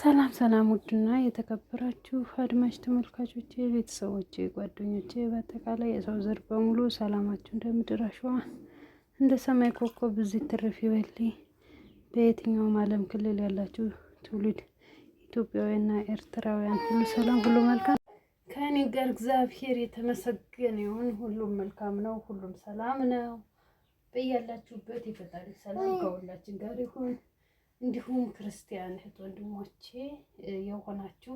ሰላም ሰላም ውድና የተከበራችሁ አድማጭ ተመልካቾቼ፣ ቤተሰቦቼ፣ ጓደኞቼ በአጠቃላይ የሰው ዘር በሙሉ ሰላማችሁ እንደ ምድር አሸዋ እንደ ሰማይ ኮከብ ብዚህ ትርፍ ይበል። በየትኛውም ዓለም ክልል ያላችሁ ትውልድ ኢትዮጵያውያንና ኤርትራውያን ሁሉ ሰላም፣ ሁሉ መልካም ከእኔ ጋር እግዚአብሔር የተመሰገነ ይሁን። ሁሉም መልካም ነው፣ ሁሉም ሰላም ነው። በያላችሁበት የፈጣሪ ሰላም ከሁላችን ጋር ይሁን። እንዲሁም ክርስቲያን እህት ወንድሞቼ የሆናችሁ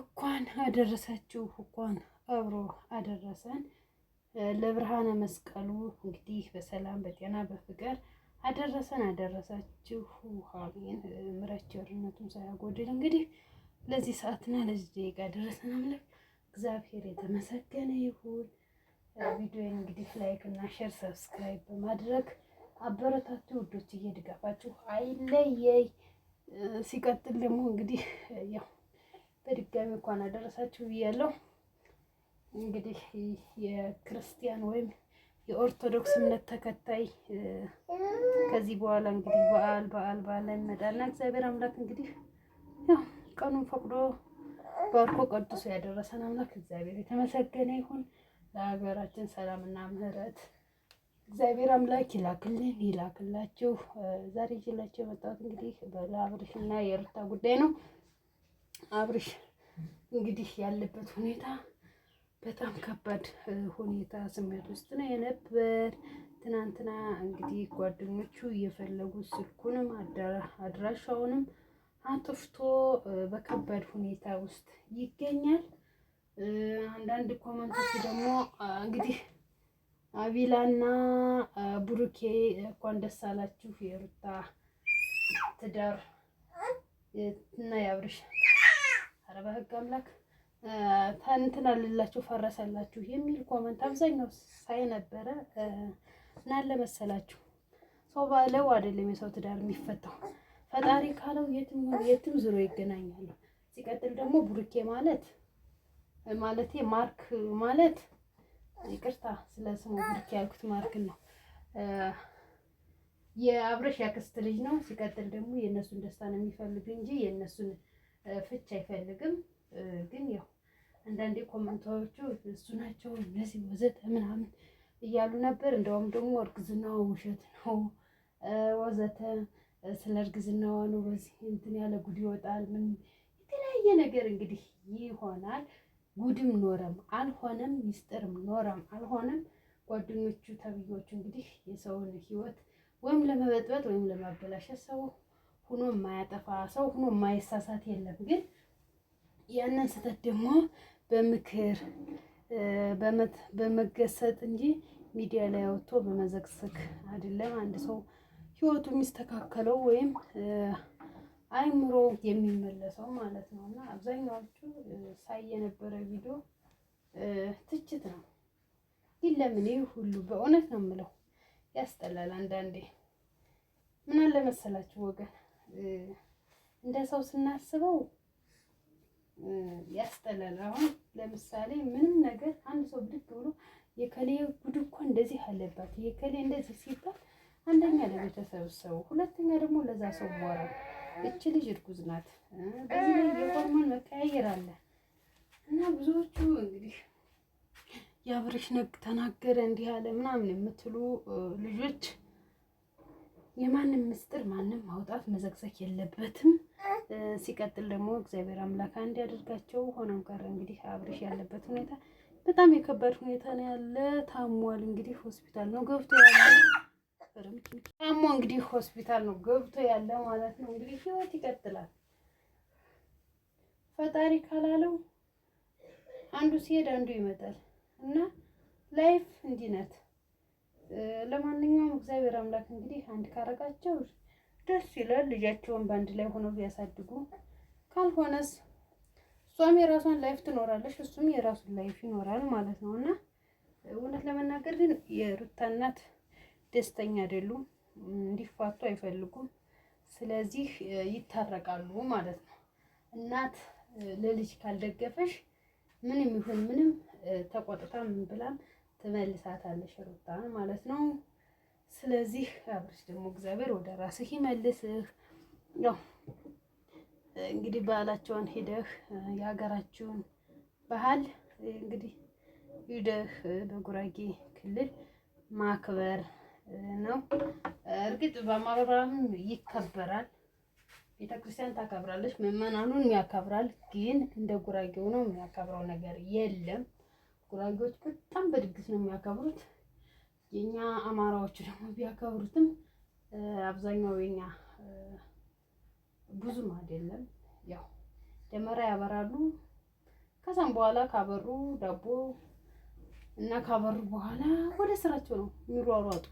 እንኳን አደረሳችሁ፣ እንኳን አብሮ አደረሰን ለብርሃነ መስቀሉ። እንግዲህ በሰላም በጤና በፍቅር አደረሰን አደረሳችሁ። አሜን። ምሕረት ቸርነቱን ሳያጎድል እንግዲህ ለዚህ ሰዓትና ለዚህ ደቂቃ ደረሰን። አምላክ እግዚአብሔር የተመሰገነ ይሁን። ቪዲዮን እንግዲህ ላይክ እና ሼር ሰብስክራይብ በማድረግ አበረታቱ ውዶች፣ እየድጋፋችሁ አይለየይ። ሲቀጥል ደግሞ እንግዲህ ያው በድጋሚ እንኳን አደረሳችሁ ብያለሁ። እንግዲህ የክርስቲያን ወይም የኦርቶዶክስ እምነት ተከታይ ከዚህ በኋላ እንግዲህ በዓል በዓል በዓል ላይ ይመጣልና እግዚአብሔር አምላክ እንግዲህ ያው ቀኑን ፈቅዶ ባርኮ ቀድሶ ያደረሰን አምላክ እግዚአብሔር የተመሰገነ ይሁን። ለሀገራችን ሰላምና ምሕረት እግዚአብሔር አምላክ ይላክልን ይላክላችሁ። ዛሬ ይዤላችሁ የመጣሁት እንግዲህ በአብርሽ እና የሩታ ጉዳይ ነው። አብርሽ እንግዲህ ያለበት ሁኔታ በጣም ከባድ ሁኔታ ስሜት ውስጥ ነው የነበር። ትናንትና እንግዲህ ጓደኞቹ እየፈለጉ ስልኩንም አድራሻውንም አጥፍቶ በከባድ ሁኔታ ውስጥ ይገኛል። አንዳንድ ኮመንቶች ደግሞ እንግዲህ አቢላና ቡሩኬ እንኳን ደስ አላችሁ። የሩታ ትዳር እና ያብርሽ ኧረ በህግ አምላክ እንትን አልላችሁ ፈረሰላችሁ የሚል ኮመንት አብዛኛው ሳይ ነበረ እና ለመሰላችሁ ሰው ባለው አይደለም የሰው ትዳር የሚፈታው ፈጣሪ ካለው የትም የትም ዝሮ ይገናኛሉ። ሲቀጥል ደግሞ ቡሩኬ ማለት ማለቴ ማርክ ማለት ይቅርታ ስለ ስሙ ብርክ ያልኩት ማርክን ነው። የአብረሽ ያክስት ልጅ ነው። ሲቀጥል ደግሞ የእነሱን ደስታ ነው የሚፈልግ እንጂ የእነሱን ፍች አይፈልግም። ግን ያው አንዳንዴ ኮመንታዎቹ እሱ ናቸው እነዚህ ወዘተ ምናምን እያሉ ነበር። እንደውም ደግሞ እርግዝናዋ ውሸት ነው ወዘተ፣ ስለ እርግዝናዋ ነው በዚህ እንትን ያለ ጉድ ይወጣል። ምን የተለያየ ነገር እንግዲህ ይሆናል። ጉድም ኖረም አልሆነም ሚስጥርም ኖረም አልሆነም ጓደኞቹ ተብዮቹ እንግዲህ የሰውን ህይወት ወይም ለመበጥበጥ ወይም ለማበላሸት ሰው ሁኖ የማያጠፋ ሰው ሁኖ የማይሳሳት የለም። ግን ያንን ስህተት ደግሞ በምክር በመገሰጥ እንጂ ሚዲያ ላይ ወጥቶ በመዘግሰግ አይደለም አንድ ሰው ህይወቱ የሚስተካከለው ወይም አይምሮ የሚመለሰው ማለት ነው። እና አብዛኛዎቹ ሳይ የነበረ ቪዲዮ ትችት ነው። ይህ ለምን ይህ ሁሉ በእውነት ነው የምለው ያስጠላል። አንዳንዴ ምን አለ መሰላችሁ ወገን፣ እንደ ሰው ስናስበው ያስጠላል። አሁን ለምሳሌ ምንም ነገር አንድ ሰው ብድግ ብሎ የከሌ ጉድ እኮ እንደዚህ አለባት የከሌ እንደዚህ ሲባል አንደኛ ለቤተሰብ ሰው፣ ሁለተኛ ደግሞ ለዛ ሰው ሞራል እች ልጅ እርጉዝ ናት። በዚህ ላይ የሆርሞን መቀያየር አለ እና ብዙዎቹ እንግዲህ የአብርሽ ነግ ተናገረ እንዲህ አለ ምናምን የምትሉ ልጆች የማንም ምስጢር ማንም ማውጣት መዘግዘግ የለበትም። ሲቀጥል ደግሞ እግዚአብሔር አምላክ አንድ ያደርጋቸው። ሆነም ቀረ እንግዲህ አብርሽ ያለበት ሁኔታ በጣም የከባድ ሁኔታ ነው ያለ። ታሟል እንግዲህ ሆስፒታል ነው ገብቶ ያለ አሞ እንግዲህ ሆስፒታል ነው ገብቶ ያለ ማለት ነው። እንግዲህ ህይወት ይቀጥላል። ፈጣሪ ካላለው አንዱ ሲሄድ አንዱ ይመጣል እና ላይፍ እንዲህ ናት። ለማንኛውም እግዚአብሔር አምላክ እንግዲህ አንድ ካረጋቸው ደስ ይላል። ልጃቸውን በአንድ ላይ ሆነው ቢያሳድጉ፣ ካልሆነስ እሷም የራሷን ላይፍ ትኖራለች፣ እሱም የራሱን ላይፍ ይኖራል ማለት ነው እና እውነት ለመናገር ግን የሩታ እናት ደስተኛ አይደሉም፣ እንዲፋቱ አይፈልጉም። ስለዚህ ይታረቃሉ ማለት ነው። እናት ለልጅ ካልደገፈሽ ምንም ይሁን ምንም ተቆጥታ ምን ብላም ትመልሳታለሽ ሩታን ማለት ነው። ስለዚህ አብርሽ ደግሞ እግዚአብሔር ወደ ራስህ ይመልስህ። ያው እንግዲህ ባህላቸውን ሂደህ የሀገራችሁን ባህል እንግዲህ ሂደህ በጉራጌ ክልል ማክበር ነው። እርግጥ በማህበራም ይከበራል። ቤተክርስቲያን ታከብራለች፣ ምዕመናኑን ያከብራል። ግን እንደ ጉራጌው ነው የሚያከብረው ነገር የለም። ጉራጌዎች በጣም በድግስ ነው የሚያከብሩት። የኛ አማራዎች ደግሞ ቢያከብሩትም አብዛኛው የኛ ብዙም አይደለም። ያው ደመራ ያበራሉ። ከዛም በኋላ ካበሩ ዳቦ እና ካበሩ በኋላ ወደ ስራቸው ነው የሚሯሯጡ።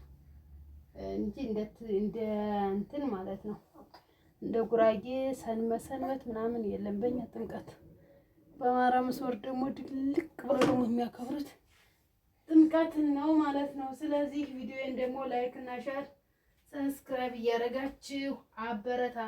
እንጂ እንደ እንትን ማለት ነው እንደ ጉራጌ ሰንመት ምናምን የለም። በእኛ ጥምቀት በአማራ መስወር ደግሞ ድልቅ ብሎ ደግሞ የሚያከብሩት ጥምቀትን ነው ማለት ነው። ስለዚህ ቪዲዮን ደግሞ ላይክ እና ሼር ሰብስክራይብ እያደረጋችሁ አበረታ